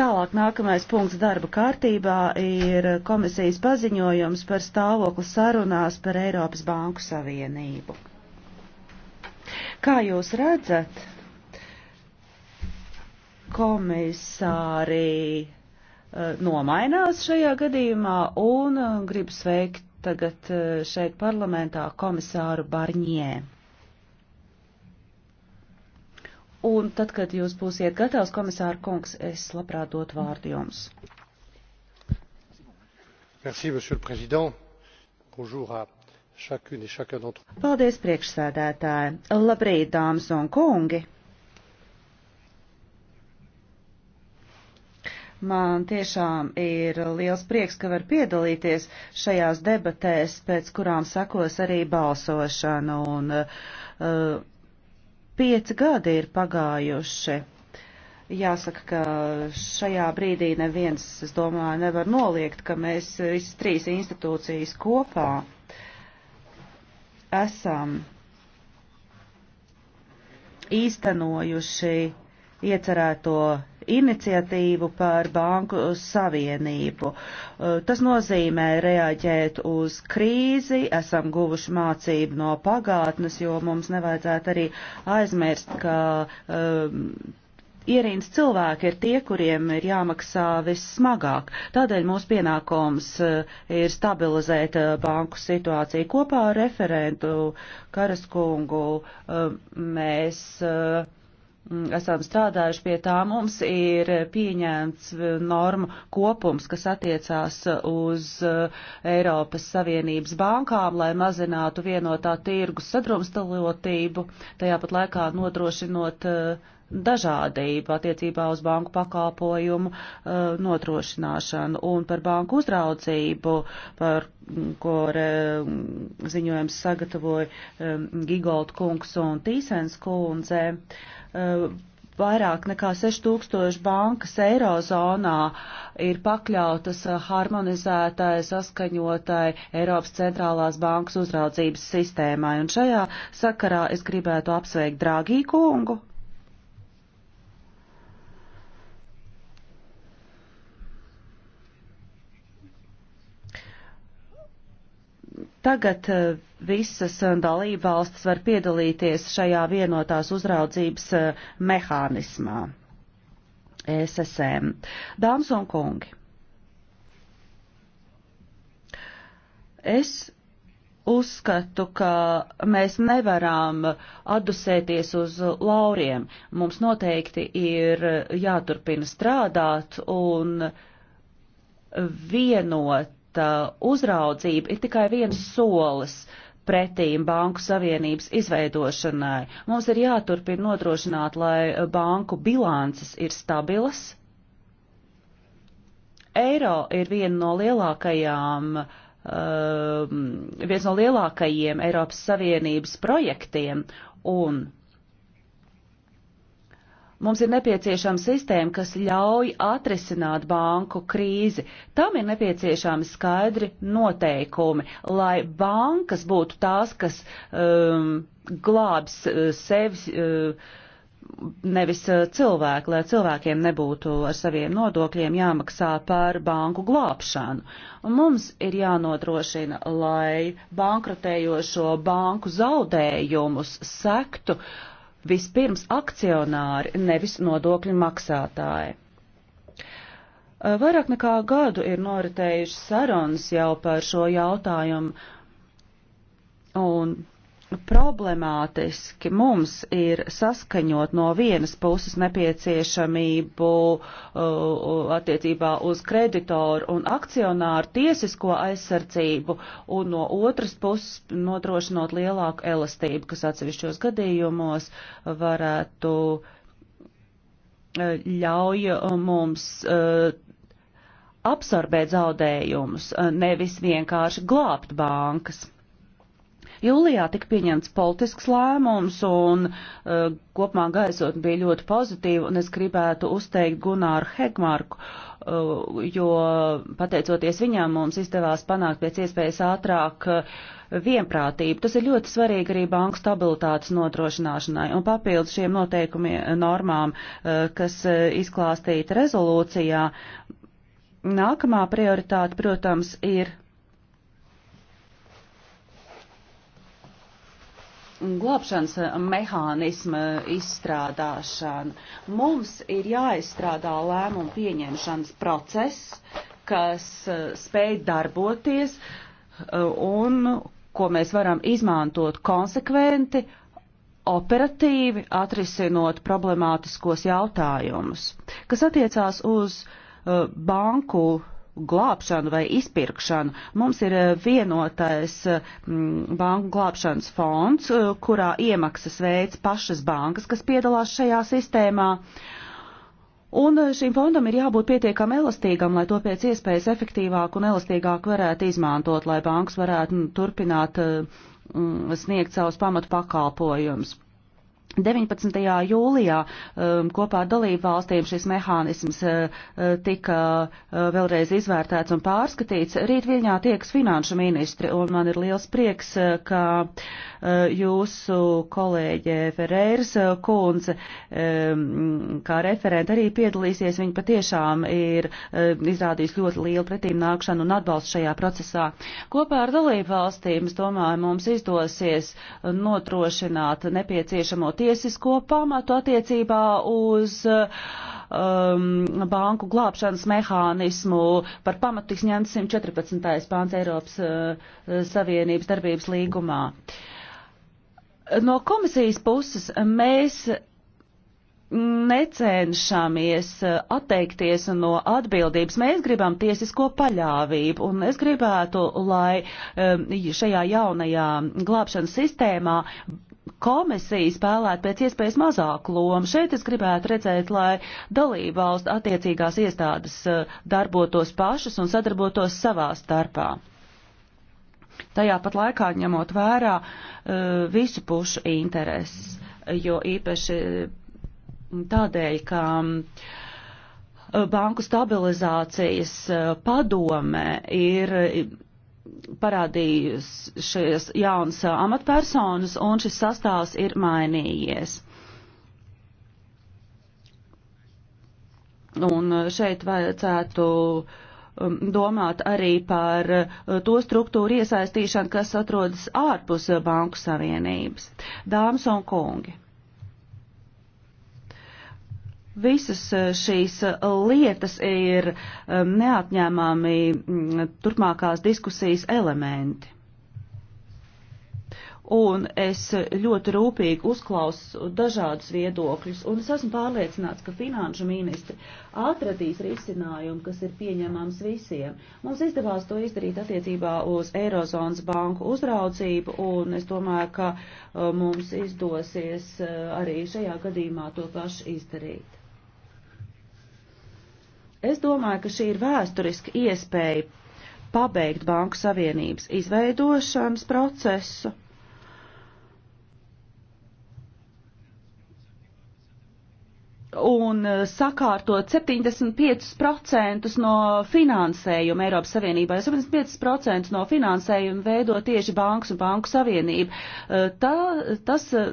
Tālāk nākamais punkts darba kārtībā ir komisijas paziņojums par stāvokli sarunās par Eiropas Banku Savienību. Kā jūs redzat, komisāri eh, nomainās šajā gadījumā un eh, gribu sveikt tagad eh, šeit parlamentā komisāru Barņē. Un tad, kad jūs būsiet gatavs, komisāra kungs, es labprāt dot vārdu jums. Merci, monsieur le président. Bonjour à chacune et chacun d'entre vous. Paldies, priekšsēdētāji. Labrīt, dāmas un kungi. Man tiešām ir liels prieks, ka var piedalīties šajās debatēs, pēc kurām sakos arī balsošana. Un, uh, Pieci gadi ir pagājuši. Jāsaka, ka šajā brīdī neviens, es domāju, nevar noliegt, ka mēs visas trīs institūcijas kopā esam īstenojuši iecerēto iniciatīvu par banku savienību. Uh, tas nozīmē reaģēt uz krīzi, esam guvuši mācību no pagātnes, jo mums nevajadzētu arī aizmirst, ka um, ierīnas cilvēki ir tie, kuriem ir jāmaksā vissmagāk. Tādēļ mūsu pienākums uh, ir stabilizēt uh, banku situāciju. Kopā ar referentu Karaskungu mēs Mm, esam strādājuši pie tā, mums ir pieņēmts e, normu kopums, kas attiecās uz e, Eiropas Savienības bankām, lai mazinātu vienotā tirgus sadrumstalotību, tajā pat laikā nodrošinot e, dažādību attiecībā uz banku pakalpojumu notrošināšanu un par banku uzraudzību, par ko ziņojums sagatavoja Gigold kungs un Tīsens kundze. Uh, Eh, vairāk nekā 6000 bankas eirozonā ir pakļautas eh, harmonizētai, saskaņotai Eiropas centrālās bankas uzraudzības sistēmai. Un šajā sakarā es gribētu apsveikt Dragī kungu. Tagad eh, visas eh, dalība valstis var piedalīties šajā vienotās uzraudzības eh, mehānismā. ESSM. Dāmas un kungi, es uzskatu, ka mēs nevaram atdusēties uz lauriem. Mums noteikti ir jāturpina strādāt un vienota uzraudzība ir tikai viens solis uh, pretīm Banku Savienības izveidošanai. Mums ir jāturpina nodrošināt, lai banku bilances ir stabilas. Eiro ir viena no lielākajām uh, viens no lielākajiem Eiropas Savienības projektiem, un Mums ir nepieciešama sistēma, kas ļauj atrisināt banku krīzi. Tam ir nepieciešami skaidri noteikumi, lai bankas būtu tās, kas um, glābs uh, sevi. Uh, nevis uh, cilvēki, lai cilvēkiem nebūtu ar saviem nodokļiem jāmaksā par banku glābšanu. Un mums ir jānodrošina, lai bankrotējošo banku zaudējumus sektu uh, vispirms akcionāri, nevis nodokļu maksātāji. Vairāk nekā gadu ir noritējušas sarunas jau par šo jautājumu, un problemātiski mums ir saskaņot no vienas puses nepieciešamību uh, attiecībā uz kreditoru un akcionāru tiesisko aizsardzību un no otras puses nodrošinot lielāku elastību, kas atsevišķos gadījumos varētu uh, ļauj uh, mums uh, absorbēt zaudējumus, uh, nevis vienkārši glābt bankas. Jūlijā tika pieņemts politisks lēmums un uh, kopumā gaisotne bija ļoti pozitīva un es gribētu uzteikt Gunāru Hegmarku, uh, jo pateicoties viņam mums izdevās panākt pēc iespējas ātrāk uh, vienprātību. Tas ir ļoti svarīgi arī banku stabilitātes nodrošināšanai un papildus šiem noteikumiem normām, uh, kas uh, izklāstīta rezolūcijā. Nākamā prioritāte, protams, ir glābšanas mehānisma izstrādāšana. Mums ir jāizstrādā lēmumu pieņemšanas process, kas uh, spēj darboties uh, un ko mēs varam izmantot konsekventi, operatīvi atrisinot problemātiskos jautājumus, kas attiecās uz uh, banku glābšanu vai izpirkšanu. Mums ir eh, vienotais mm, banku glābšanas fonds, eh, kurā iemaksas veids pašas bankas, kas piedalās šajā sistēmā. Un eh, šim fondam ir jābūt pietiekami elastīgam, lai to pēc iespējas efektīvāk un elastīgāk varētu izmantot, lai bankas varētu mm, turpināt mm, sniegt savus pamatu pakalpojumus. 19. jūlijā um, kopā ar dalību valstīm šis mehānisms uh, uh, tika uh, vēlreiz izvērtēts un pārskatīts. Rīt viņā tieks finanšu ministri, un man ir liels prieks, uh, ka uh, jūsu kolēģe Ferēras uh, kundze, um, kā referenta, arī piedalīsies. Viņa patiešām ir uh, izrādījusi ļoti lielu pretīm nākšanu un atbalstu šajā procesā. Kopā ar dalību valstīm, es domāju, mums izdosies nodrošināt nepieciešamo tiesisko pamatu attiecībā uz um, banku glābšanas mehānismu. Par pamatu tiks ņemts 114. pāns Eiropas uh, Savienības darbības līgumā. No komisijas puses mēs necenšamies atteikties no atbildības. Mēs gribam tiesisko paļāvību, un es gribētu, lai um, šajā jaunajā glābšanas sistēmā komisija spēlētu pēc iespējas mazāku lomu. Šeit es gribētu redzēt, lai dalībvalstu attiecīgās iestādes eh, darbotos pašas un sadarbotos savā starpā. Tajā pat laikā ņemot vērā eh, visu pušu intereses, jo īpaši eh, tādēļ, ka banku stabilizācijas padome ir parādījušies jauns amatpersonas, un šis sastāvs ir mainījies. Un šeit vajadzētu um, domāt arī par uh, to struktūru iesaistīšanu, kas atrodas ārpus Banku Savienības. Dāmas un kungi! Visas eh, šīs eh, lietas ir eh, neatņēmami mm, turpmākās diskusijas elementi. Un es ļoti rūpīgi uzklausu dažādus viedokļus, un es esmu pārliecināts, ka finanšu ministri atradīs risinājumu, kas ir pieņemams visiem. Mums izdevās to izdarīt attiecībā uz Eirozonas banku uzraucību, un es domāju, ka mums izdosies arī šajā gadījumā to pašu izdarīt. Es domāju, ka šī ir vēsturiska iespēja pabeigt Banku Savienības izveidošanas procesu. Un eh, sakārtot 75% no finansējuma Eiropas Savienībā, jo 75% no finansējuma veido tieši bankas un banku savienība. Eh, tā, tas eh,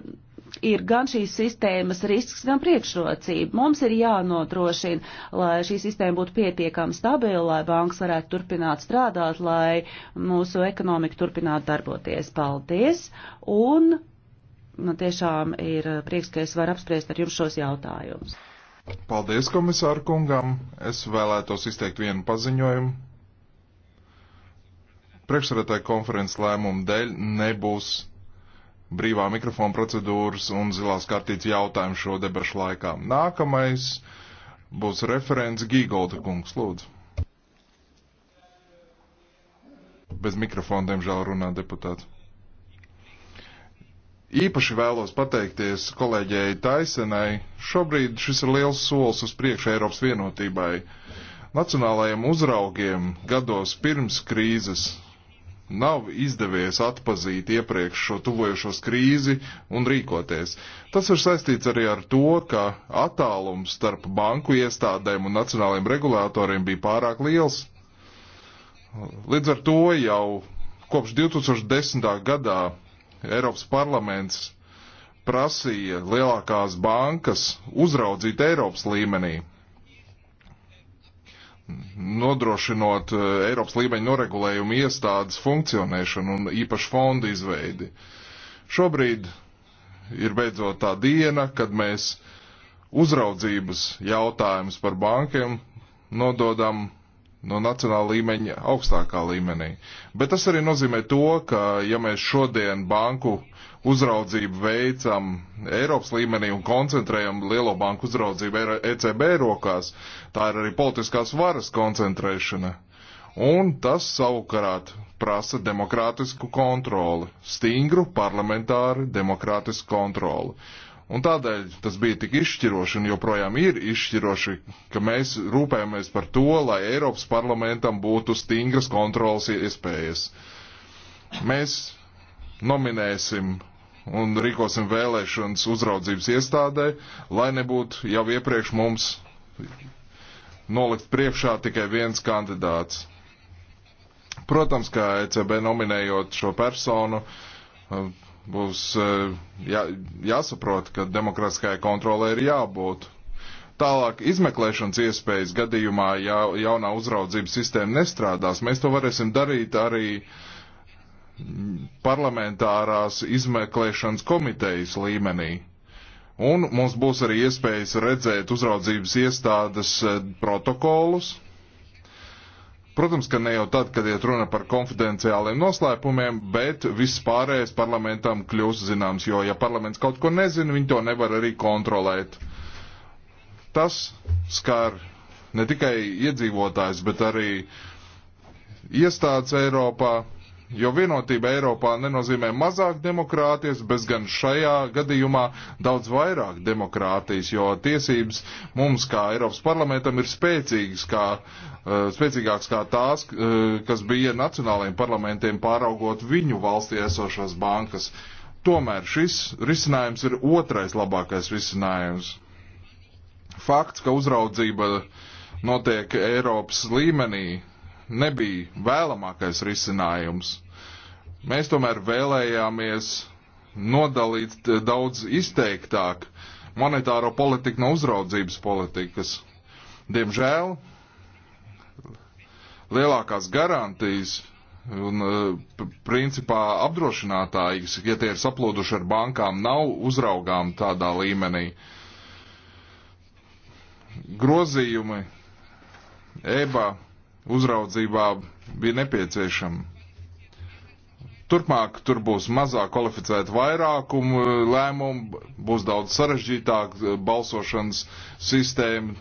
ir gan šīs sistēmas risks, gan priekšrocība. Mums ir jānodrošina, lai šī sistēma būtu pietiekami stabila, lai banks varētu turpināt strādāt, lai mūsu ekonomika turpinātu darboties. Paldies! Un nu, tiešām ir prieks, ka es varu apspriest ar jums šos jautājumus. Paldies komisāru kungam. Es vēlētos izteikt vienu paziņojumu. Priekšsēdētāja konferences lēmumu dēļ nebūs brīvā mikrofona procedūras un zilās kartītes jautājumu šo debašu laikā. Nākamais būs referents Gīgolda kungs, lūdzu. Bez mikrofona, diemžēl, runā deputāts. Īpaši vēlos pateikties kolēģei Taisenai. Šobrīd šis ir liels solis uz priekšu Eiropas vienotībai. Nacionālajiem uzraugiem gados pirms krīzes nav izdevies atpazīt iepriekš šo tuvojušos krīzi un rīkoties. Tas ir saistīts arī ar to, ka attālums starp banku iestādēm un nacionāliem regulātoriem bija pārāk liels. Līdz ar to jau kopš 2010. gadā Eiropas parlaments prasīja lielākās bankas uzraudzīt Eiropas līmenī nodrošinot eh, Eiropas līmeņa noregulējumu iestādes funkcionēšanu un īpašu fondu izveidi. Šobrīd ir beidzot tā diena, kad mēs uzraudzības jautājumus par bankiem nododam no nacionāla līmeņa augstākā līmenī. Bet tas arī nozīmē to, ka ja mēs šodien banku uh, uzraudzību veicam Eiropas līmenī un koncentrējam lielo banku uzraudzību ECB e rokās, tā ir arī politiskās varas koncentrēšana. Un tas savukārt prasa demokrātisku kontroli, stingru parlamentāru demokrātisku kontroli. Un tādēļ tas bija tik izšķiroši un joprojām ir izšķiroši, ka mēs rūpējamies par to, lai Eiropas parlamentam būtu stingras kontrolas iespējas. Mēs nominēsim un rīkosim vēlēšanas uzraudzības iestādē, lai nebūtu jau iepriekš mums nolikt priekšā tikai viens kandidāts. Protams, kā ECB nominējot šo personu, um, būs uh, jā, jāsaprot, ka demokrātiskajai kontrolē ir jābūt. Tālāk izmeklēšanas iespējas gadījumā, ja jaunā uzraudzības sistēma nestrādās, mēs to varēsim darīt arī uh, parlamentārās izmeklēšanas komitejas līmenī. Un mums būs arī iespējas redzēt uzraudzības iestādes eh, protokolus. Protams, ka ne jau tad, kad iet runa par konfidenciāliem noslēpumiem, bet viss pārējais parlamentam kļūst zināms, jo ja parlaments kaut ko nezina, viņi to nevar arī kontrolēt. Tas skar ne tikai iedzīvotājs, bet arī iestādes Eiropā, jo vienotība Eiropā nenozīmē mazāk demokrātijas, bet gan šajā gadījumā daudz vairāk demokrātijas, jo tiesības mums kā Eiropas parlamentam ir spēcīgas, kā, eh, spēcīgākas kā tās, eh, kas bija nacionālajiem parlamentiem pāraugot viņu valstī esošās bankas. Tomēr šis risinājums ir otrais labākais risinājums. Fakts, ka uzraudzība notiek Eiropas līmenī, nebija vēlamākais risinājums. Mēs tomēr vēlējāmies nodalīt daudz izteiktāk monetāro politiku no uzraudzības politikas. Diemžēl lielākās garantijas un e, principā apdrošinātāji, ja tie ir saplūduši ar bankām, nav uzraugām tādā līmenī. Grozījumi EBA uzraudzībā bija nepieciešama. Turpmāk tur būs mazāk kvalificēta vairākumu eh, lēmumu, būs daudz sarežģītāk eh, balsošanas sistēma,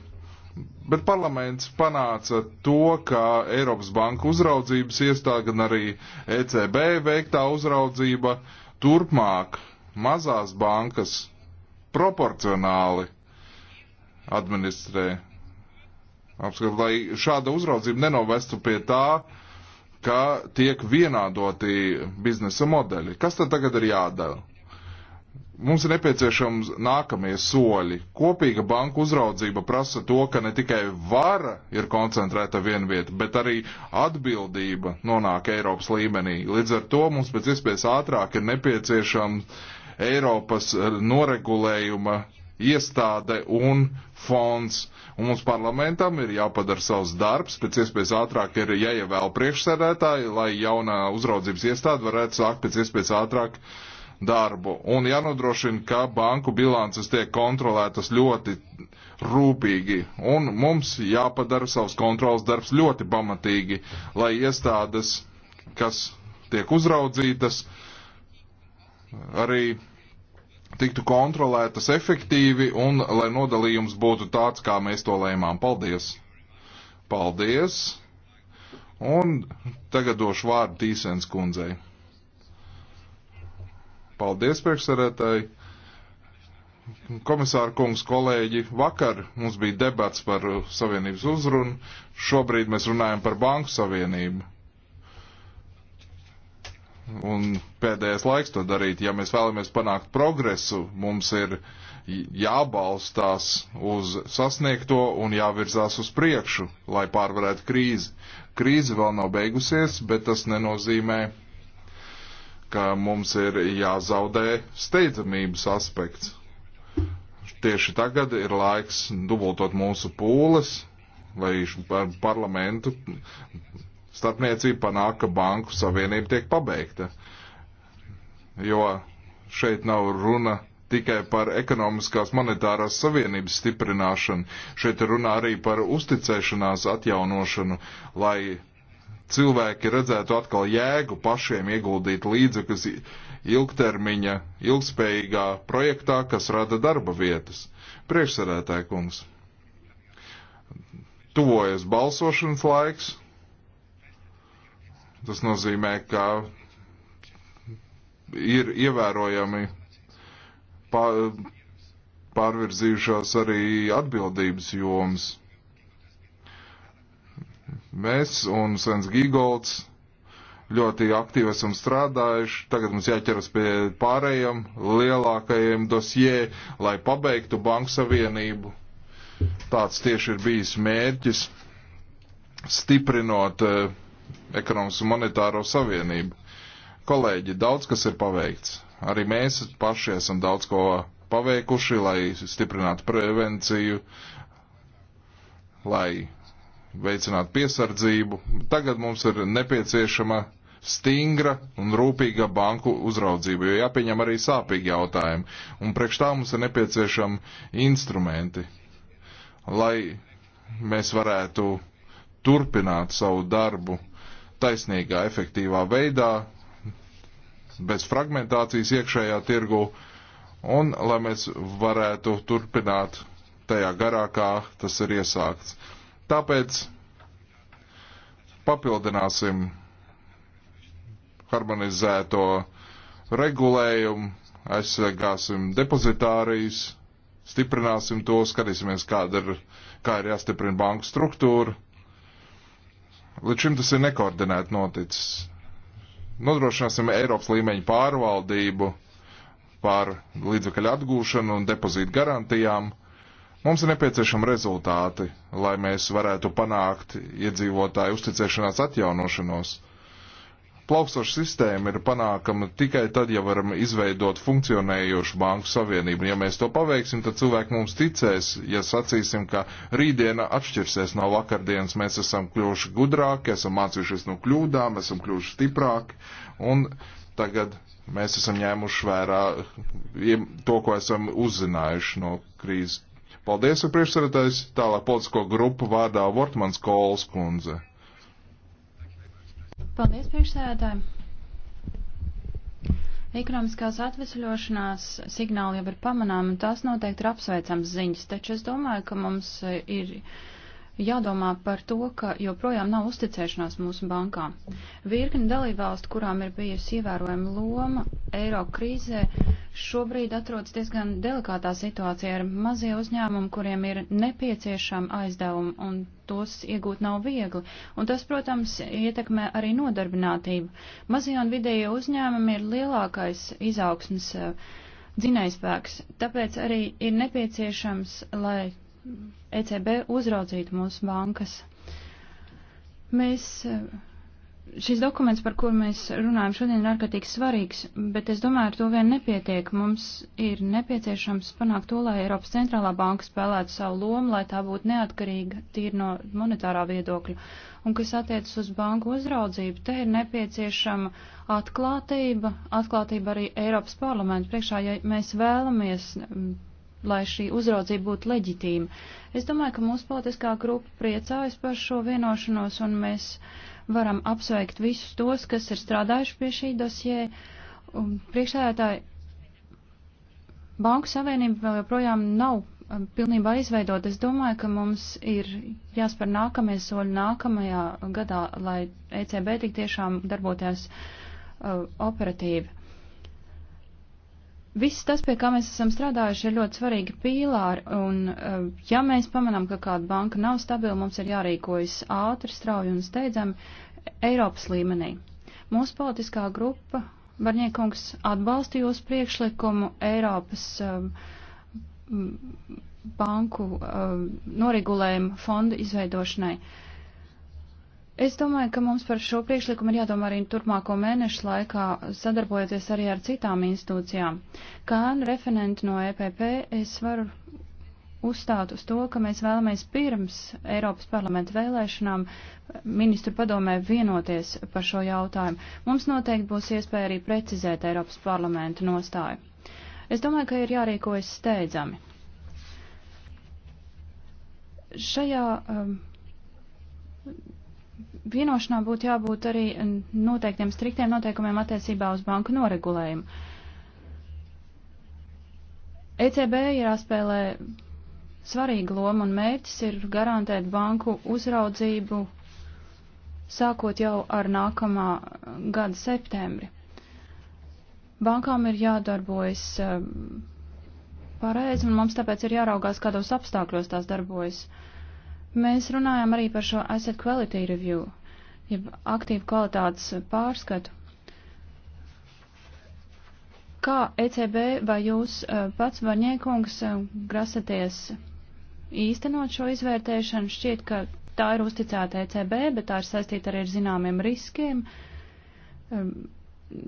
bet parlaments panāca to, ka Eiropas Banka uzraudzības iestāde, gan arī ECB veiktā uzraudzība turpmāk mazās bankas proporcionāli administrē apskat, lai šāda uzraudzība nenovestu pie tā, ka tiek vienādoti biznesa modeļi. Kas tad tagad ir jādara? Mums ir nepieciešams nākamie soļi. Kopīga banka uzraudzība prasa to, ka ne tikai vara ir koncentrēta vienvieta, bet arī atbildība nonāk Eiropas līmenī. Līdz ar to mums pēc iespējas ātrāk ir nepieciešams Eiropas noregulējuma iestāde un fonds. Un mums parlamentam ir jāpadara savs darbs, pēc iespējas ātrāk ir jāievēl priekšsēdētāji, lai jaunā uzraudzības iestāde varētu sākt pēc iespējas ātrāk darbu. Un jānodrošina, ka banku bilances tiek kontrolētas ļoti rūpīgi. Un mums jāpadara savs kontrols darbs ļoti pamatīgi, lai iestādes, kas tiek uzraudzītas, arī tiktu kontrolētas efektīvi un lai nodalījums būtu tāds, kā mēs to lēmām. Paldies! Paldies! Un tagad došu vārdu Tīsens kundzei. Paldies, priekšsarētāji! Komisāra kungs, kolēģi, vakar mums bija debats par Savienības uzrunu, šobrīd mēs runājam par Banku Savienību un pēdējais laiks to darīt. Ja mēs vēlamies panākt progresu, mums ir jābalstās uz sasniegto un jāvirzās uz priekšu, lai pārvarētu krīzi. Krīze vēl nav beigusies, bet tas nenozīmē, ka mums ir jāzaudē steidzamības aspekts. Tieši tagad ir laiks dubultot mūsu pūles, lai parlamentu starpniecība panāk, ka banku savienība tiek pabeigta. Jo šeit nav runa tikai par ekonomiskās monetārās savienības stiprināšanu, šeit runā arī par uzticēšanās atjaunošanu, lai cilvēki redzētu atkal jēgu pašiem ieguldīt līdzekļus ilgtermiņa, ilgspējīgā projektā, kas rada darba vietas. Priekšsēdētāji kungs, tuvojas balsošanas laiks. Tas nozīmē, ka ir ievērojami pārvirzījušās arī atbildības jomas. Mēs un Svens Gigolds ļoti aktīvi esam strādājuši. Tagad mums jāķeras pie pārējiem lielākajiem dosjē, lai pabeigtu Banku Savienību. Tāds tieši ir bijis mērķis, stiprinot uh, ekonomikas un monetāro savienību. Kolēģi, daudz kas ir paveikts. Arī mēs paši esam daudz ko paveikuši, lai stiprinātu prevenciju, lai veicinātu piesardzību. Tagad mums ir nepieciešama stingra un rūpīga banku uzraudzība, jo jāpieņem arī sāpīgi jautājumi. Un priekš tā mums ir nepieciešami instrumenti, lai mēs varētu turpināt savu darbu taisnīgā, efektīvā veidā, bez fragmentācijas iekšējā tirgu, un lai mēs varētu turpināt tajā garā, kā tas ir iesākts. Tāpēc papildināsim harmonizēto regulējumu, aizsargāsim depozitārijas, stiprināsim to, skatīsimies, kāda ir, kā ir jāstiprina banku struktūra Līdz šim tas ir nekoordinēti noticis. Nodrošināsim Eiropas līmeņa pārvaldību pār līdzekļu atgūšanu un depozītu garantijām. Mums ir nepieciešami rezultāti, lai mēs varētu panākt iedzīvotāju uzticēšanās atjaunošanos plaukstoša sistēma ir panākama tikai tad, ja varam izveidot funkcionējošu banku savienību. Ja mēs to paveiksim, tad cilvēki mums ticēs, ja sacīsim, ka rītdiena atšķirsies no vakardienas. Mēs esam kļuvuši gudrāki, esam mācījušies no kļūdām, esam kļuvuši stiprāki. Un tagad mēs esam ņēmuši vērā to, ko esam uzzinājuši no krīzes. Paldies, priekšsēdētājs. Tālāk politisko grupu vārdā Vortmans Kols kundze. Paldies, priekšsēdētāji! Ekonomiskās atvesļošanās signāli jau ir pamanām, un tās noteikti ir apsveicams ziņas, taču es domāju, ka mums ir jādomā par to, ka joprojām nav uzticēšanās mūsu bankām. Virkni dalībvalstu, kurām ir bijusi ievērojama loma eiro krīzē, uh, šobrīd atrodas diezgan delikātā situācija ar mazie uzņēmumi, kuriem ir nepieciešama aizdevuma un tos iegūt nav viegli. Un tas, protams, ietekmē arī nodarbinātību. Mazie un vidējie uzņēmumi ir lielākais izaugsmas eh, dzinējspēks, tāpēc arī ir nepieciešams, lai ECB uzraudzītu mūsu bankas. Mēs eh, šis dokuments, par kur mēs runājam šodien, ir ārkārtīgi svarīgs, bet es domāju, ar to vien nepietiek. Mums ir nepieciešams panākt to, lai Eiropas centrālā banka spēlētu savu lomu, lai tā būtu neatkarīga tīri no monetārā viedokļa. Un kas attiecas uz banku uzraudzību, te ir nepieciešama atklātība, atklātība arī Eiropas parlamentu priekšā, ja mēs vēlamies mm, lai šī uzraudzība būtu leģitīma. Es domāju, ka mūsu politiskā grupa priecājas par šo vienošanos, un mēs uh, varam apsveikt visus tos, kas ir strādājuši pie šī dosie. Priekšsēdētāji, Banku Savienība vēl joprojām nav um, pilnībā izveidot. Es domāju, ka mums ir jāspēr nākamie soļi nākamajā gadā, lai ECB tik tiešām darboties uh, operatīvi. Viss tas, pie kā mēs esam strādājuši, ir ļoti svarīgi pīlāri, un eh, ja mēs pamanām, ka kāda banka nav stabila, mums ir jārīkojas ātri, strauji un steidzami Eiropas līmenī. Mūsu politiskā grupa, Varņiekungs, atbalsta jūsu priekšlikumu Eiropas um, banku um, noregulējumu fondu izveidošanai. Uh, Es domāju, ka mums par šo priekšlikumu ir jādomā arī turpmāko mēnešu laikā, sadarbojoties arī ar citām institūcijām. Kā referenti no EPP, es varu uzstāt uz to, ka mēs vēlamies pirms Eiropas parlamenta vēlēšanām ministru padomē vienoties par šo jautājumu. Mums noteikti būs iespēja arī precizēt Eiropas parlamenta nostāju. Es domāju, ka ir jārīkojas steidzami. Šajā um, vienošanā būtu jābūt arī noteiktiem striktiem noteikumiem attiecībā uz banku noregulējumu. ECB ir jāspēlē svarīga loma un mērķis ir garantēt banku uzraudzību sākot jau ar nākamā gada septembri. Bankām ir jādarbojas eh, pareizi un mums tāpēc ir jāraugās, kādos apstākļos tās darbojas. Uh, Mēs runājam arī par šo asset quality review, jeb aktīvu kvalitātes pārskatu. Kā ECB vai jūs eh, pats, Varņiekungs, eh, grasaties īstenot šo izvērtēšanu? Šķiet, ka tā ir uzticēta ECB, bet tā ir saistīta arī ar zināmiem riskiem. Ehm,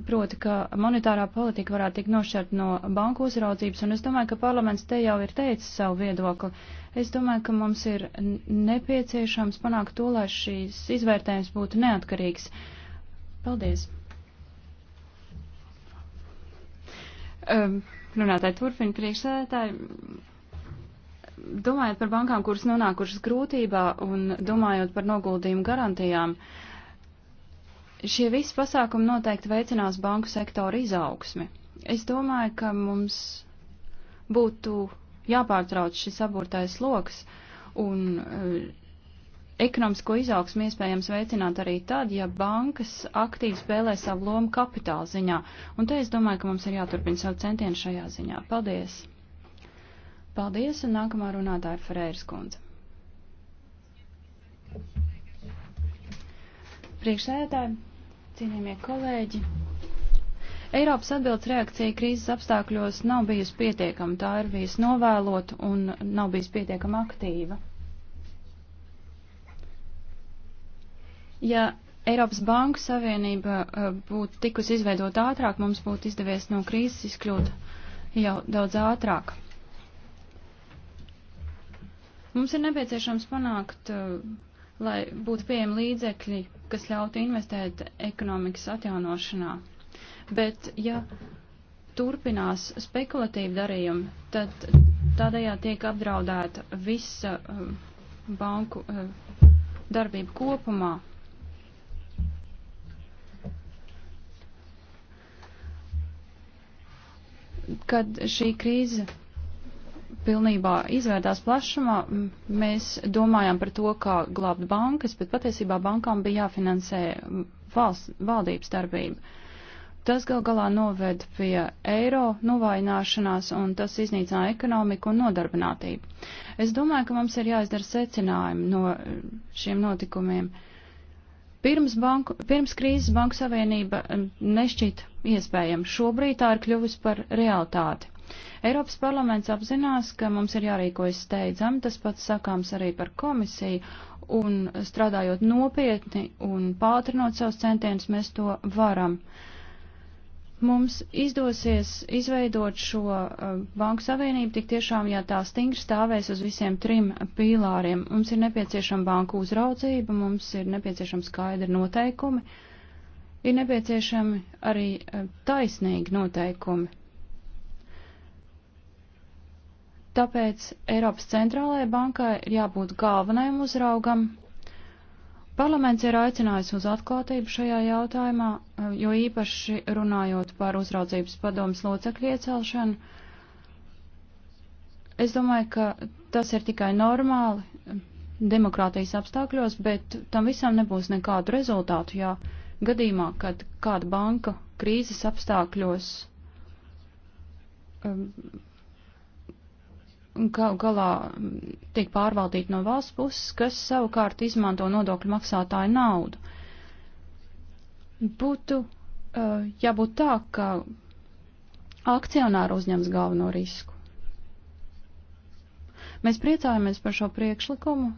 proti, ka monetārā politika varētu tikt nošķirt no banku uzraudzības, un es domāju, ka parlaments te jau ir teicis savu viedokli. Es domāju, ka mums ir nepieciešams panākt to, lai šīs izvērtējums būtu neatkarīgs. Paldies! Um, runātāji turpina priekšsēdētāji. Domājot par bankām, kuras nonākušas grūtībā un domājot par noguldījumu garantijām, uh, Šie visi pasākumi noteikti veicinās banku sektoru izaugsmi. Es domāju, ka mums būtu jāpārtrauc šis aburtais lokus un eh, ekonomisko izaugsmu iespējams veicināt arī tad, ja bankas aktīvi spēlē savu lomu kapitāla ziņā. Un te es domāju, ka mums ir jāturpina savu centienu šajā ziņā. Paldies! Paldies, un nākamā runātāja Ferēras kundze. Priekšsēdētāji, Cienījamie kolēģi, Eiropas atbildes reakcija krīzes apstākļos nav bijusi pietiekama, tā ir bijusi novēlota un nav bijusi pietiekama aktīva. Ja Eiropas Banku Savienība eh, būtu tikusi izveidot ātrāk, mums būtu izdevies no krīzes izkļūt jau daudz ātrāk. Mums ir nepieciešams panākt uh, lai būtu pieejami līdzekļi, kas ļautu investēt ekonomikas atjaunošanā. Bet, ja turpinās spekulatīvi darījumi, tad tādējā tiek apdraudēta visa um, banku uh, darbība kopumā. Kad šī krīze pilnībā izvērtās plašumā, mēs domājām par to, kā glābt bankas, bet patiesībā bankām bija jāfinansē valsts, valdības darbība. Tas gal galā noved pie eiro novājināšanās un tas iznīcināja ekonomiku un nodarbinātību. Es domāju, ka mums ir jāizdara secinājumi no šiem notikumiem. Pirms, banku, pirms krīzes Banku Savienība nešķita iespējama. Šobrīd tā ir kļuvusi par realitāti. Eiropas parlaments apzinās, ka mums ir jārīkojas steidzam, tas pats sakāms arī par komisiju, un strādājot nopietni un pātrinot savus centienus, mēs to varam. Mums izdosies izveidot šo uh, banku savienību tik tiešām, ja tā stingri stāvēs uz visiem trim pīlāriem. Mums ir nepieciešama banku uzraudzība, mums ir nepieciešama skaidra noteikumi, ir nepieciešami arī uh, taisnīgi noteikumi. Tāpēc Eiropas centrālajai bankai ir jābūt galvenajam uzraugam. Parlaments ir aicinājis uz atklātību šajā jautājumā, jo īpaši runājot par uzraudzības padomas locekļu iecelšanu. Es domāju, ka tas ir tikai normāli demokrātijas apstākļos, bet tam visam nebūs nekādu rezultātu, ja gadījumā, kad kāda banka krīzes apstākļos um, gal galā mm, tiek pārvaldīti no valsts puses, kas savukārt izmanto nodokļu maksātāju naudu. Būtu uh, jābūt tā, ka akcionāri uzņems galveno risku. Mēs priecājamies par šo priekšlikumu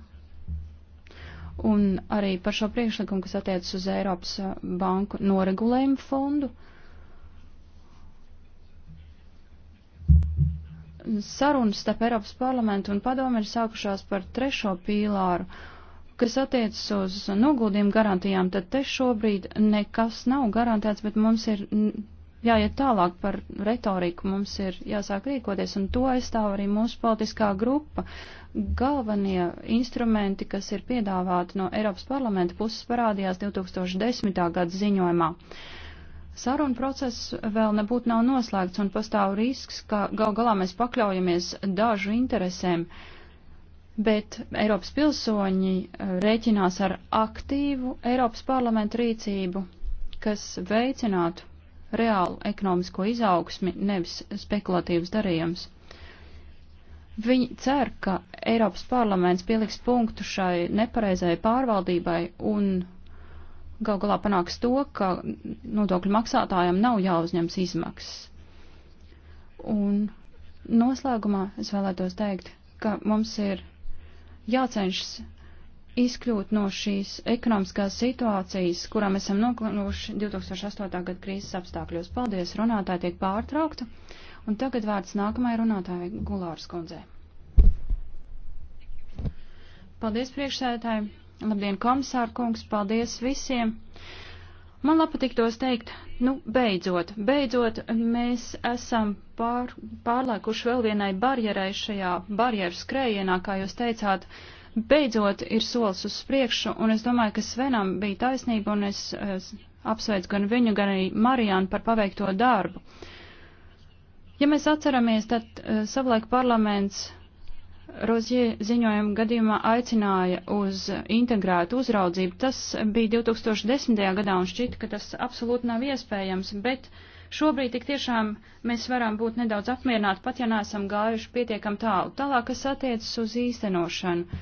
un arī par šo priekšlikumu, kas attiecas uz Eiropas eh, banku noregulējumu fondu. Uh, Sarunas starp Eiropas parlamentu un padomu ir sākušās par trešo pīlāru, kas attiecas uz noguldījumu garantijām, tad te šobrīd nekas nav garantēts, bet mums ir jāiet tālāk par retoriku, mums ir jāsāk rīkoties, un to aizstāv arī mūsu politiskā grupa. Galvenie instrumenti, kas ir piedāvāti no Eiropas parlamenta puses, parādījās 2010. gada ziņojumā. Saruna process vēl nebūtu nav noslēgts un pastāv risks, ka gal galā mēs pakļaujamies dažu interesēm, bet Eiropas pilsoņi eh, rēķinās ar aktīvu Eiropas parlamentu rīcību, kas veicinātu reālu ekonomisko izaugsmi, nevis spekulatīvas darījums. Viņi cer, ka Eiropas parlaments pieliks punktu šai nepareizai pārvaldībai un gal galā panāks to, ka nodokļu maksātājiem nav jāuzņems izmaksas. Un noslēgumā es vēlētos teikt, ka mums ir jācenšas izkļūt no šīs ekonomiskās situācijas, kurām esam nokļuvuši 2008. gada krīzes apstākļos. Paldies, runātāji tiek pārtraukta. Un tagad vārds nākamajai runātājai Gulāras kundzē. Paldies, priekšsēdētāji. Labdien, komisāra kungs, paldies visiem! Man patiktos teikt, nu, beidzot, beidzot, mēs esam pār, pārlēkuši vēl vienai barjerai šajā barjeru skrējienā, kā jūs teicāt, beidzot ir solis uz priekšu, un es domāju, ka Svenam bija taisnība, un es, es apsveicu gan viņu, gan arī Marijānu par paveikto darbu. Ja mēs atceramies, tad eh, savulaik parlaments Rozie ziņojuma gadījumā aicināja uz integrētu uzraudzību. Tas bija 2010. gadā un šķita, ka tas absolūti nav iespējams, bet šobrīd tik tiešām mēs varam būt nedaudz apmierināti, pat ja neesam gājuši pietiekam tālu. Tālāk, kas attiecas uz īstenošanu.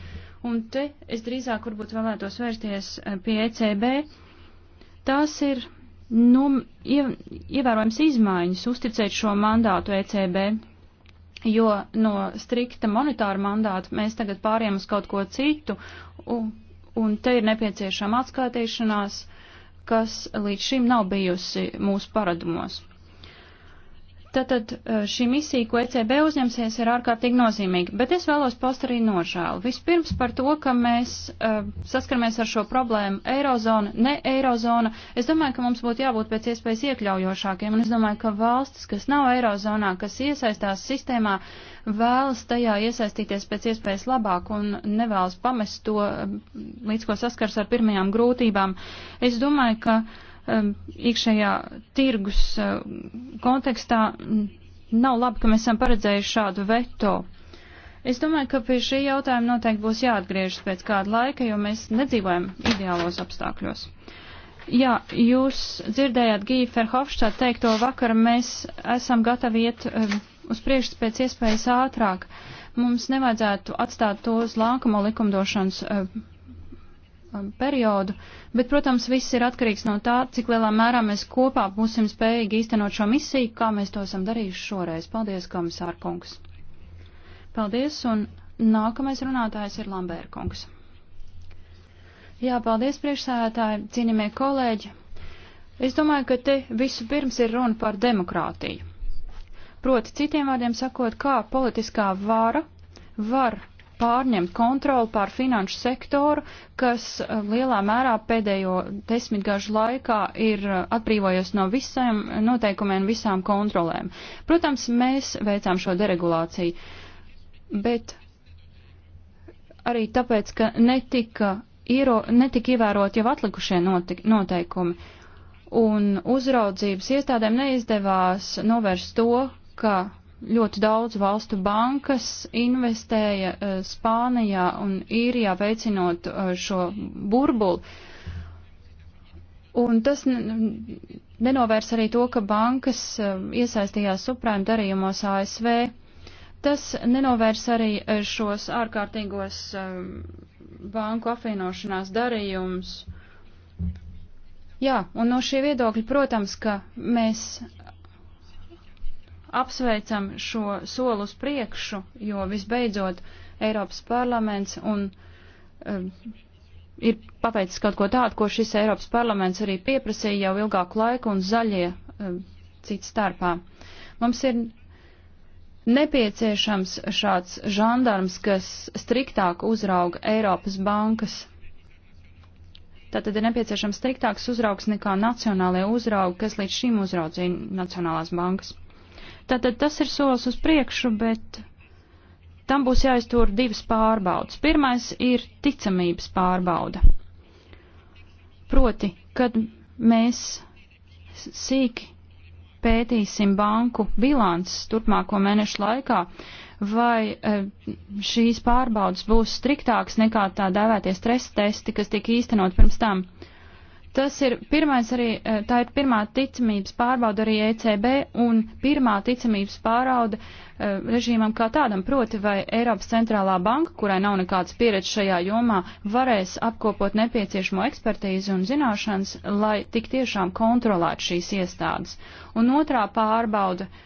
Un te es drīzāk varbūt vēlētos vērsties eh, pie ECB. Tās ir nu, ievērojams izmaiņas uzticēt šo mandātu ECB jo no strikta monetāra mandāta mēs tagad pāriem uz kaut ko citu, un, un te ir nepieciešama atskaitīšanās, kas līdz šim nav bijusi mūsu paradumos. Tātad e, šī misija, ko ECB uzņemsies, ir ārkārtīgi nozīmīga, bet es vēlos paust arī nožēlu. Vispirms par to, ka mēs uh, saskaramies ar šo problēmu Eirozona, ne Eirozona. Es domāju, ka mums būtu jābūt pēc iespējas iekļaujošākiem, un es domāju, ka valstis, kas nav Eirozonā, kas iesaistās sistēmā, vēlas tajā iesaistīties pēc iespējas labāk un nevēlas pamest to, e, līdz ko saskars ar pirmajām grūtībām. Es domāju, ka. Uh, Um, iekšējā tirgus uh, kontekstā mm, nav labi, ka mēs esam paredzējuši šādu veto. Es domāju, ka pie šī jautājuma noteikti būs jāatgriežas pēc kāda laika, jo mēs nedzīvojam ideālos apstākļos. Jā, jūs dzirdējāt Gīju Ferhofštāt teikto vakar, mēs esam gatavi iet um, uz priekšu pēc iespējas ātrāk. Mums nevajadzētu atstāt to uz lākamo likumdošanas uh, Um, periodu, bet, protams, viss ir atkarīgs no tā, cik lielā mērā mēs kopā būsim spējīgi īstenot šo misiju, kā mēs to esam darījuši šoreiz. Paldies, komisārkungs! Paldies, un nākamais runātājs ir Lambērkungs. Jā, paldies, priekšsēdētāji, cienījamie kolēģi! Es domāju, ka te visu pirms ir runa par demokrātiju. Proti, citiem vārdiem sakot, kā politiskā vara var pārņemt kontroli pār finanšu sektoru, kas eh, lielā mērā pēdējo desmitgažu laikā ir eh, atbrīvojies no visiem noteikumiem, visām kontrolēm. Protams, mēs veicām šo deregulāciju, bet arī tāpēc, ka netika, iero, netika ievērot jau atlikušie notik, noteikumi. Un uzraudzības iestādēm neizdevās novērst to, ka Ļoti daudz valstu bankas investēja eh, Spānijā un īrijā veicinot eh, šo burbuli. Un tas nenovērs arī to, ka bankas eh, iesaistījās suprēm darījumos ASV. Tas nenovērs arī šos ārkārtīgos banku apvienošanās darījumus. Jā, un no šī viedokļa, protams, ka mēs apsveicam šo solu uz priekšu, jo visbeidzot Eiropas parlaments un um, ir paveicis kaut ko tādu, ko šis Eiropas parlaments arī pieprasīja jau ilgāku laiku un zaļie um, cits starpā. Mums ir nepieciešams šāds žandarms, kas striktāk uzrauga Eiropas bankas. Tātad ir nepieciešams striktāks uzraugs nekā nacionālajie uzraugi, kas līdz šim uzraudzīja Nacionālās bankas. Tātad tas ir solis uz priekšu, bet tam būs jāiztur divas pārbaudas. Pirmais ir ticamības pārbauda. Proti, kad mēs sīki pētīsim banku bilants turpmāko mēnešu laikā, vai e, šīs pārbaudas būs striktākas nekā tā dēvēties stresa testi, kas tika īstenot pirms tam. Uh, Tas ir pirmais arī, eh, tā ir pirmā ticamības pārbauda arī ECB un pirmā ticamības pārbauda eh, režīmam kā tādam, proti vai Eiropas centrālā banka, kurai nav nekādas pieredzes šajā jomā, varēs apkopot nepieciešamo ekspertīzi un zināšanas, lai tik tiešām kontrolētu šīs iestādes. Un otrā pārbauda uh,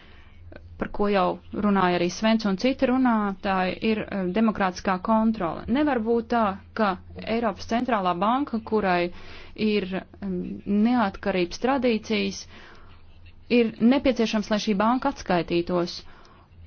par ko jau runāja arī Svens un citi runātāji, ir e, demokrātiskā kontrole. Nevar būt tā, ka Eiropas centrālā banka, kurai ir e, neatkarības tradīcijas, ir nepieciešams, lai šī banka atskaitītos.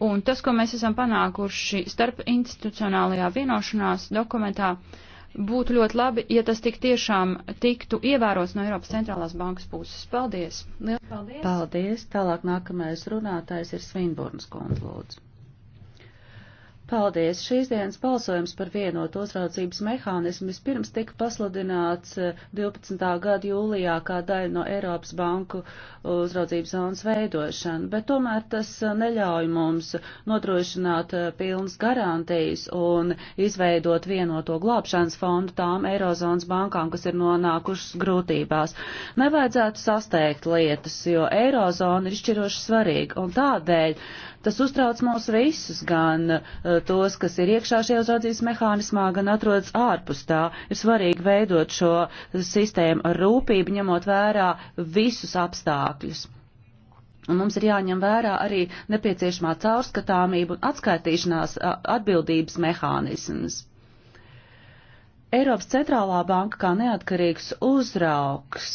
Un tas, ko mēs esam panākuši starp institucionālajā vienošanās dokumentā, uh, būtu ļoti labi, ja tas tik tiešām tiktu ievērots no Eiropas centrālās bankas puses. Paldies! Liels paldies! Paldies! Tālāk nākamais runātājs ir Svinburnas kundze, lūdzu. Paldies! Šīs dienas balsojums par vienotu uzraudzības mehānismu vispirms tika pasludināts 12. Eh, gada jūlijā kā daļa no Eiropas banku eh, uzraudzības zonas veidošana, bet tomēr tas eh, neļauj mums nodrošināt pilnas garantijas un izveidot vienoto glābšanas fondu tām Eirozonas bankām, kas ir nonākušas grūtībās. Nevajadzētu sasteigt lietas, jo Eirozona ir izšķiroši svarīga un tādēļ Tas uztrauc mūs visus, gan uh, tos, kas ir iekšā šajā uzraudzības mehānismā, gan atrodas ārpus tā. Ir svarīgi veidot šo sistēmu ar rūpību, ņemot vērā visus apstākļus. Un mums ir jāņem vērā arī nepieciešamā caurskatāmība un atskaitīšanās atbildības mehānisms. Eiropas centrālā banka kā neatkarīgs uzrauks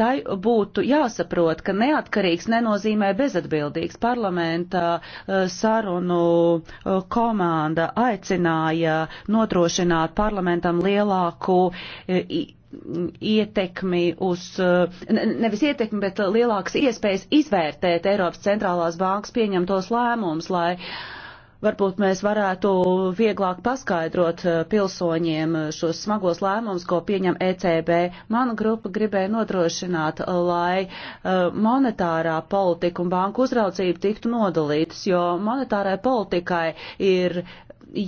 tai būtu jāsaprot, ka neatkarīgs nenozīmē bezatbildīgs. Parlamenta eh, sarunu eh, komanda aicināja nodrošināt parlamentam lielāku eh, ietekmi uz, nevis ietekmi, bet lielākas iespējas izvērtēt Eiropas centrālās bankas pieņemtos lēmumus, lai uh, Varbūt mēs varētu vieglāk paskaidrot eh, pilsoņiem šos smagos lēmumus, ko pieņem ECB. Mana grupa gribēja nodrošināt, lai eh, monetārā politika un banku uzraudzība tiktu nodalītas, jo monetārai politikai ir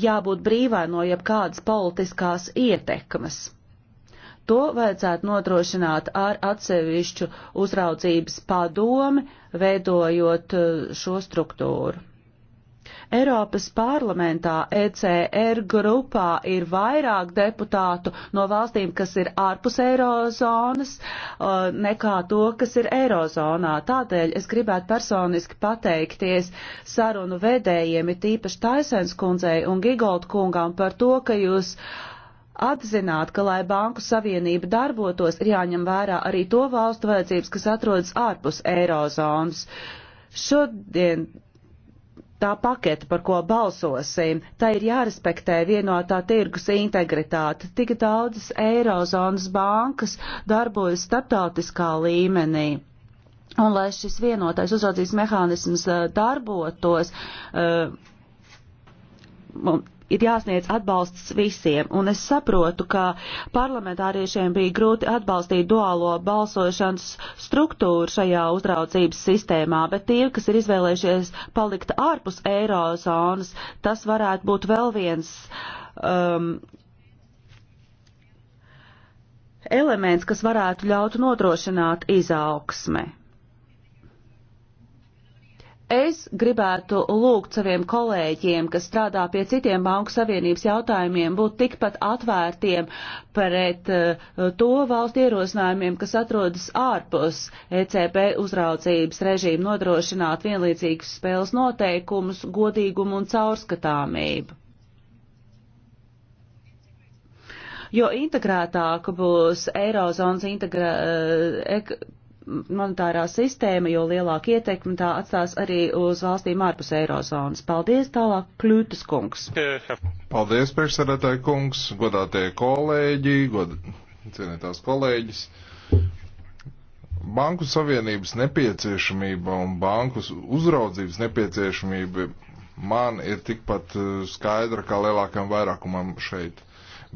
jābūt brīvai no jebkādas politiskās ietekmes. To vajadzētu nodrošināt ar atsevišķu uzraudzības padomi, veidojot eh, šo struktūru. Eiropas parlamentā ECR grupā ir vairāk deputātu no valstīm, kas ir ārpus eirozonas, uh, nekā to, kas ir eirozonā. Tādēļ es gribētu personiski pateikties sarunu vedējiem, ir tīpaši Taisens kundzei un Gigold kungam par to, ka jūs Atzināt, ka, lai banku savienība darbotos, ir jāņem vērā arī to valstu vajadzības, kas atrodas ārpus eirozonas. Šodien tā pakete, par ko balsosim, tā ir jārespektē vienotā tirgus integritāte. Tik daudzas Eirozonas bankas darbojas starptautiskā līmenī. Un lai šis vienotais uzraudzības mehānisms eh, darbotos, uh, ir jāsniedz atbalsts visiem, un es saprotu, ka parlamentāriešiem bija grūti atbalstīt duālo balsošanas struktūru šajā uzraudzības sistēmā, bet tie, kas ir izvēlējušies palikt ārpus eirozonas, tas varētu būt vēl viens. Um, Elements, kas varētu ļaut nodrošināt izaugsme. Es gribētu lūgt saviem kolēģiem, kas strādā pie citiem Banku Savienības jautājumiem, būt tikpat atvērtiem pret eh, to valstu ierosinājumiem, kas atrodas ārpus ECB uzraudzības režīmu nodrošināt vienlīdzīgus spēles noteikumus, godīgumu un caurskatāmību. Jo integrētāka būs Eirozonas integrā, eh, ek, monetārā sistēma, jo lielāka ietekme tā atstās arī uz valstīm ārpus eirozonas. Paldies tālāk, Kļūtas kungs. Paldies, priekšsēdētāji kungs, godātie kolēģi, god... cienītās kolēģis. Banku savienības nepieciešamība un banku uzraudzības nepieciešamība man ir tikpat eh, skaidra kā lielākam vairākumam šeit.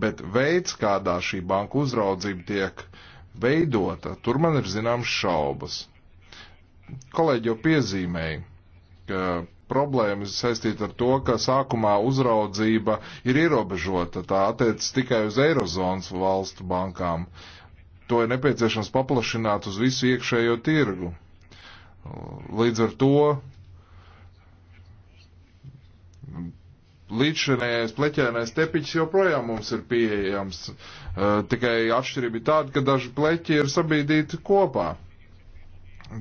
Bet veids, kādā šī banku uzraudzība tiek veidota, tur man ir zināmas šaubas. Kolēģi jau piezīmēja, ka problēmas saistīta ar to, ka sākumā uzraudzība ir ierobežota, tā attiec tikai uz Eirozonas valstu bankām. To ir nepieciešams paplašināt uz visu iekšējo tirgu. Līdz ar to līdzšanējais pleķēnais tepiķis joprojām mums ir pieejams Tikai atšķirība ir tāda, ka daži pleķi ir sabīdīti kopā.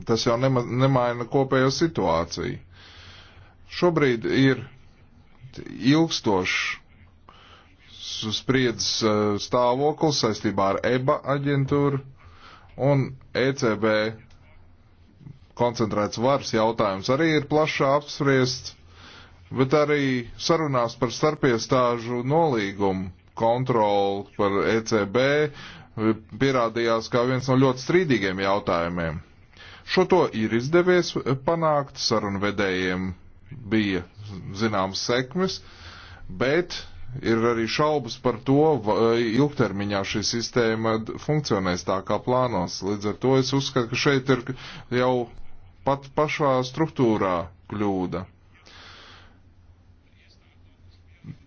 Tas jau nema, nemaina kopējo situāciju. Šobrīd ir ilgstošs spriedzes stāvoklis saistībā ar EBA aģentūru un ECB koncentrēts varas jautājums arī ir plašā apspriests, bet arī sarunās par starpiestāžu nolīgumu kontroli par ECB eh, pierādījās kā viens no ļoti strīdīgiem jautājumiem. Šo to ir izdevies eh, panākt, sarunvedējiem bija zināmas sekmes, bet ir arī šaubas par to, vai eh, ilgtermiņā šī sistēma funkcionēs tā kā plānos. Līdz ar to es uzskatu, ka šeit ir jau pat pašā struktūrā kļūda.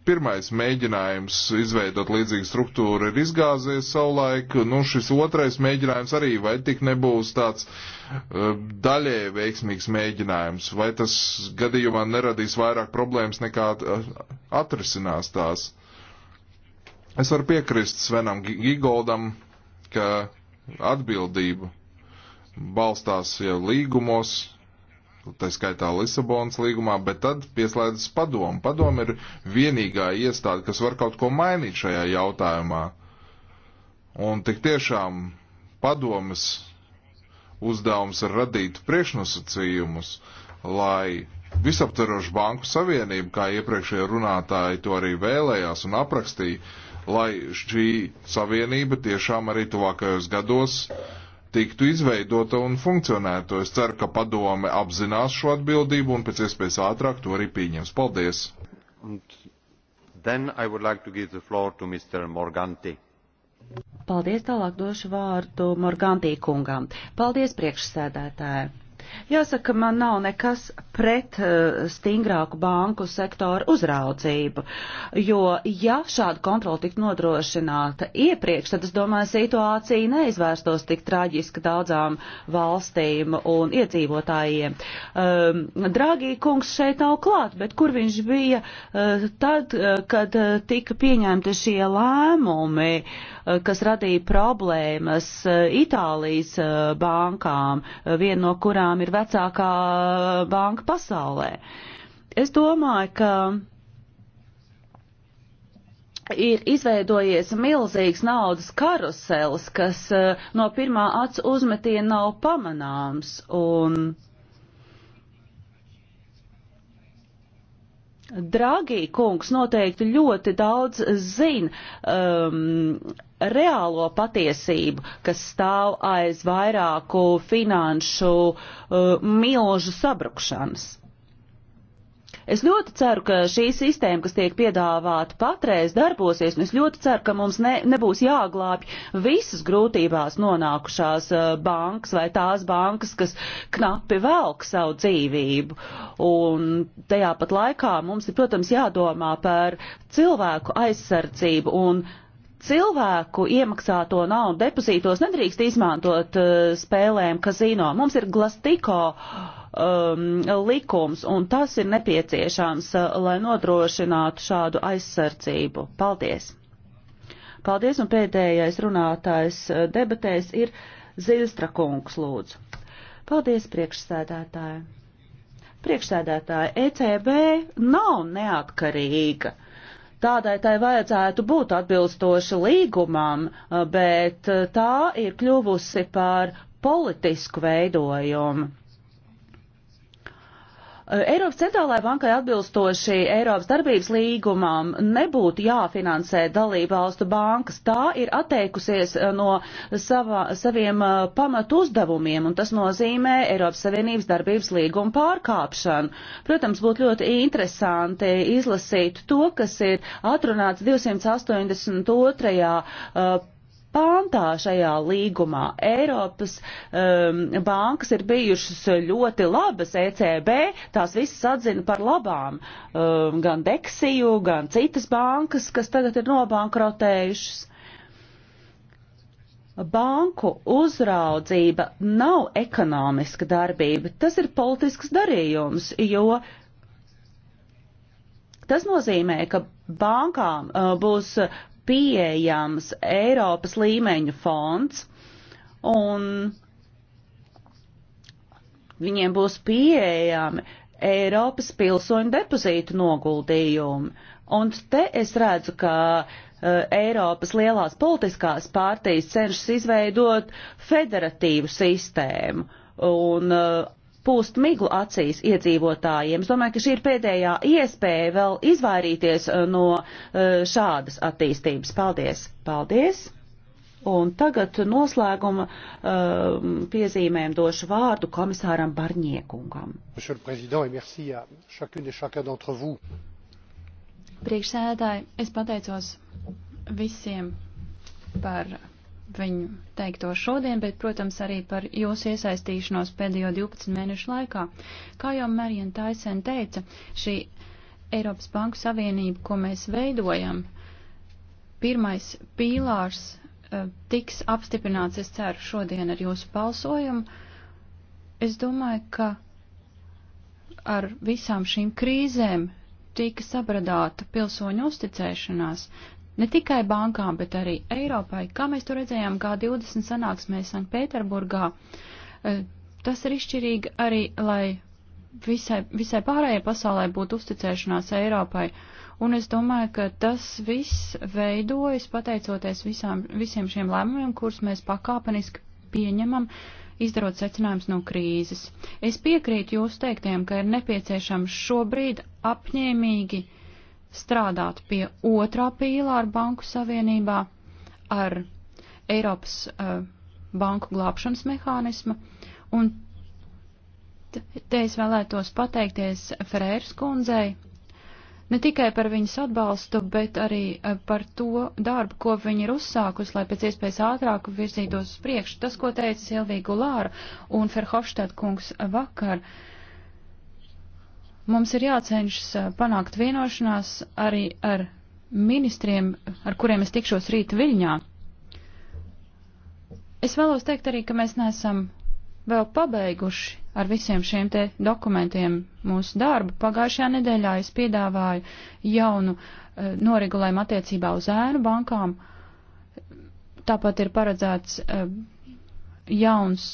pirmais mēģinājums izveidot līdzīgu struktūru ir izgāzies savulaik, nu šis otrais mēģinājums arī vai tik nebūs tāds uh, daļēji veiksmīgs mēģinājums, vai tas gadījumā neradīs vairāk problēmas nekā atrisinās tās. Es varu piekrist Svenam Gigoldam, ka atbildību balstās jau līgumos, Nu, tā skaitā Lisabonas līgumā, bet tad pieslēdzas padomu. Padomu ir vienīgā iestāde, kas var kaut ko mainīt šajā jautājumā. Un tik tiešām padomas uzdevums ir radīt priekšnosacījumus, lai visaptverošu banku savienību, kā iepriekšējie runātāji to arī vēlējās un aprakstīja, lai šī savienība tiešām arī tuvākajos gados uh, tiktu izveidota un funkcionētu. Es ceru, ka padome apzinās šo atbildību un pēc iespējas ātrāk to arī pieņems. Paldies! Like Paldies, tālāk došu vārdu Morgantī kungam. Paldies, priekšsēdētāji! Jāsaka, man nav nekas pret eh, stingrāku banku sektoru uzraudzību, jo ja šāda kontrola tiktu nodrošināta iepriekš, tad es domāju, situācija neizvērstos tik traģiski daudzām valstīm un iedzīvotājiem. Um, Dragī kungs šeit nav klāt, bet kur viņš bija uh, tad, eh, kad uh, tika pieņemti šie lēmumi? Uh, Eh, kas radīja problēmas eh, Itālijas eh, bankām, viena no kurām ir vecākā banka pasaulē. Es domāju, ka ir izveidojies milzīgs naudas karusels, kas no pirmā acu uzmetiena nav pamanāms. Un Dragī kungs noteikti ļoti daudz zina um, reālo patiesību, kas stāv aiz vairāku finanšu uh, milžu sabrukšanas. Es ļoti ceru, ka šī sistēma, kas tiek piedāvāta patreiz, darbosies, un es ļoti ceru, ka mums ne, nebūs jāglābj visas grūtībās nonākušās uh, bankas vai tās bankas, kas knapi velk savu dzīvību. Un tajā pat laikā mums ir, protams, jādomā par cilvēku aizsardzību un cilvēku iemaksāto naudu depozītos nedrīkst izmantot uh, spēlēm kazino. Mums ir glastiko uh, um, likums, un tas ir nepieciešams, uh, lai nodrošinātu šādu aizsardzību. Paldies! Paldies, un pēdējais runātājs uh, debatēs ir Zilstra kungs, lūdzu. Paldies, priekšsēdētāji! Priekšsēdētāji, ECB nav neatkarīga. Tādai tai vajadzētu būt atbilstoši līgumam, uh, bet tā ir kļuvusi par politisku veidojumu. Eh, Eiropas centrālajai bankai atbilstoši Eiropas darbības līgumam nebūtu jāfinansē dalību valstu bankas. Tā ir atteikusies eh, no sava, saviem eh, pamatu uzdevumiem, un tas nozīmē Eiropas Savienības darbības līguma pārkāpšanu. Protams, būtu ļoti interesanti izlasīt to, kas ir atrunāts 282. Uh, pāntā šajā līgumā. Eiropas um, bankas ir bijušas ļoti labas ECB, tās visas atzina par labām, um, gan Deksiju, gan citas bankas, kas tagad ir nobankrotējušas. Banku uzraudzība nav ekonomiska darbība, tas ir politisks darījums, jo tas nozīmē, ka bankām uh, būs pieejams Eiropas līmeņu fonds, un viņiem būs pieejami Eiropas pilsoņu depozītu noguldījumi. Un te es redzu, ka uh, Eiropas lielās politiskās pārtīs cenšas izveidot federatīvu sistēmu. Un uh, pūst miglu acīs iedzīvotājiem. Es domāju, ka šī ir pēdējā iespēja vēl izvairīties eh, no eh, šādas attīstības. Paldies! Paldies! Un tagad noslēguma uh, piezīmēm došu vārdu komisāram Barņiekungam. Priekšsēdētāji, es pateicos visiem par viņu teikto šodien, bet, protams, arī par jūsu iesaistīšanos pēdējo 12 mēnešu laikā. Kā jau Marija Taisen teica, šī Eiropas Banku Savienība, ko mēs veidojam, pirmais pīlārs e, tiks apstiprināts, es ceru, šodien ar jūsu balsojumu. Es domāju, ka ar visām šīm krīzēm tika sabradāta pilsoņu uzticēšanās ne tikai bankām, bet arī Eiropai. Kā mēs to redzējām G20 sanāksmē Sanktpēterburgā, eh, tas ir izšķirīgi arī, lai visai, visai pārējai pasaulē būtu uzticēšanās Eiropai. Un es domāju, ka tas viss veidojas pateicoties visām, visiem šiem lēmumiem, kurus mēs pakāpeniski pieņemam, izdarot secinājumus no krīzes. Es piekrītu jūsu teiktiem, ka ir nepieciešams šobrīd apņēmīgi uh, strādāt pie otrā pīlāra banku savienībā ar Eiropas uh, banku glābšanas mehānismu. Un te es vēlētos pateikties Ferēras kundzei ne tikai par viņas atbalstu, bet arī uh, par to darbu, ko viņa ir uzsākusi, lai pēc iespējas ātrāk virzītos uz priekšu. Tas, ko teica Silvija Gulāra un Ferhofštēt kungs vakar. Uh, Mums ir jācenšas panākt vienošanās arī ar ministriem, ar kuriem es tikšos rīt Viļņā. Es vēlos teikt arī, ka mēs neesam vēl pabeiguši ar visiem šiem te dokumentiem mūsu darbu. Pagājušajā nedēļā es piedāvāju jaunu e, noregulējumu attiecībā uz ēnu bankām. Tāpat ir paredzēts e, jauns,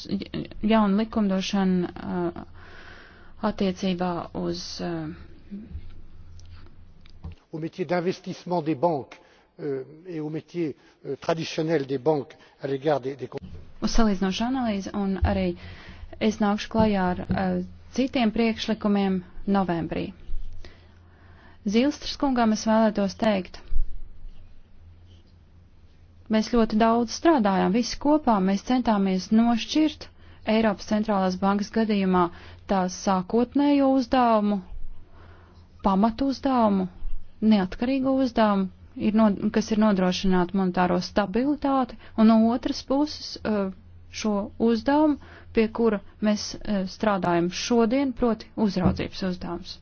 jauna likumdošana e, attiecībā uz. Eh, au métier d'investissement des banques euh, et au métier euh, traditionnel des banques à l'égard des. des... Uz salīdzinošu analīzi un arī es nākšu klajā ar uh, citiem priekšlikumiem novembrī. Zilstras kungām es vēlētos teikt, mēs ļoti daudz strādājām, visi kopā mēs centāmies nošķirt Eiropas centrālās bankas gadījumā tās sākotnējo uzdevumu, pamatu uzdevumu, neatkarīgu uzdevumu, ir no, kas ir nodrošināt monetāro stabilitāti, un no otras puses e, šo uzdevumu, pie kura mēs e, strādājam šodien, proti uzraudzības uzdevums.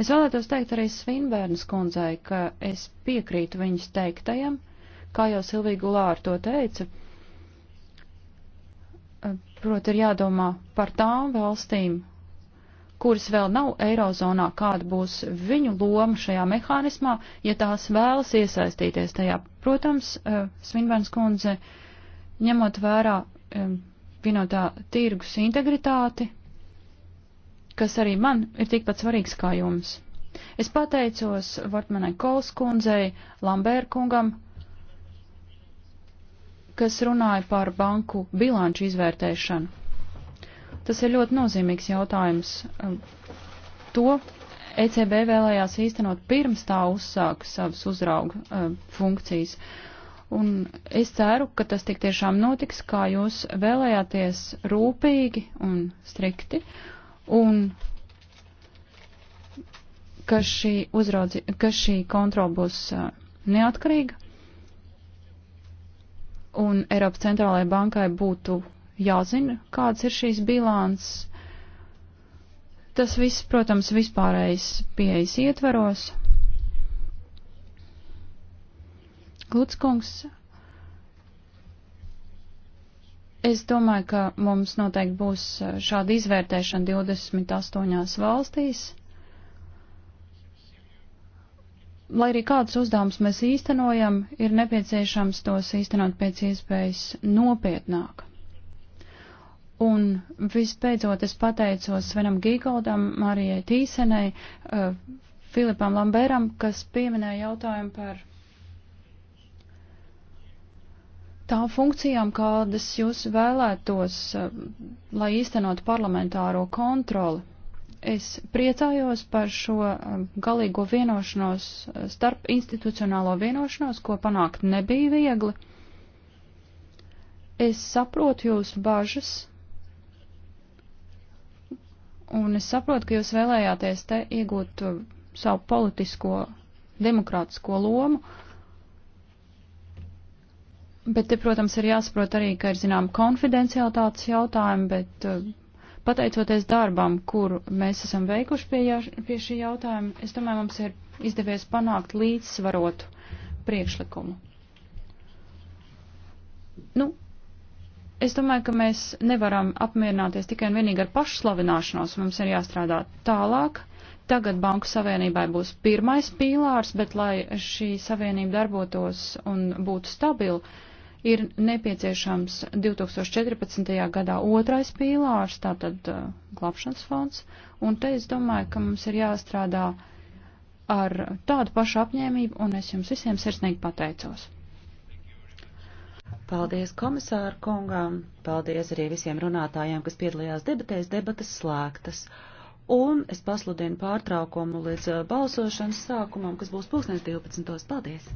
Es vēlētos teikt arī Svinbērnas kundzei, ka es piekrītu viņas teiktajam, kā jau Silvija Gulāra to teica, proti, ir jādomā par tām valstīm, kuras vēl nav eirozonā, kāda būs viņu loma šajā mehānismā, ja tās vēlas iesaistīties tajā. Protams, eh, Svinbērns kundze, ņemot vērā eh, vienotā tirgus integritāti, kas arī man ir tikpat svarīgs kā jums. Es pateicos Vortmanai Kols kundzei, Lambēr kungam, kas runāja par banku bilanču izvērtēšanu. Tas ir ļoti nozīmīgs jautājums. Um, to ECB vēlējās īstenot pirms tā uzsāka savas uzrauga uh, funkcijas. Un es ceru, ka tas tik tiešām notiks, kā jūs vēlējāties rūpīgi un strikti, un ka šī, uzraudzi, ka šī kontrola būs uh, neatkarīga un Eiropas centrālajai bankai būtu jāzina, kāds ir šīs bilants. Tas viss, protams, vispārējais pieejas ietveros. Gludskungs, es domāju, ka mums noteikti būs eh, šāda izvērtēšana 28 valstīs. lai arī kādus uzdevumus mēs īstenojam, ir nepieciešams tos īstenot pēc iespējas nopietnāk. Un vispēcot es pateicos Svenam Gīgoldam, Marijai Tīsenei, uh, Filipam Lamberam, kas pieminēja jautājumu par tām funkcijām, kādas jūs vēlētos, uh, lai īstenot parlamentāro kontroli. Es priecājos par šo um, galīgo vienošanos, uh, starp institucionālo vienošanos, ko panākt nebija viegli. Es saprotu jūsu bažas, un es saprotu, ka jūs vēlējāties te iegūt uh, savu politisko, demokrātisko lomu, bet te, protams, ir jāsaprot arī, ka ir, zinām, konfidencialitātes jautājumi, bet uh, Pateicoties darbam, kuru mēs esam veikuši pie, jā, pie šī jautājuma, es domāju, mums ir izdevies panākt līdzsvarotu priekšlikumu. Nu, es domāju, ka mēs nevaram apmierināties tikai un vienīgi ar pašslavināšanos. Mums ir jāstrādā tālāk. Tagad Banku Savienībai būs pirmais pīlārs, bet lai šī savienība darbotos un būtu stabila, ir nepieciešams 2014. gadā otrais pīlārs, tātad uh, glābšanas fonds, un te es domāju, ka mums ir jāstrādā ar tādu pašu apņēmību, un es jums visiem sirsnīgi pateicos. Paldies komisāru kungam, paldies arī visiem runātājiem, kas piedalījās debatēs, debatas slēgtas. Un es pasludinu pārtraukumu līdz uh, balsošanas sākumam, kas būs pulkstens 12. Paldies!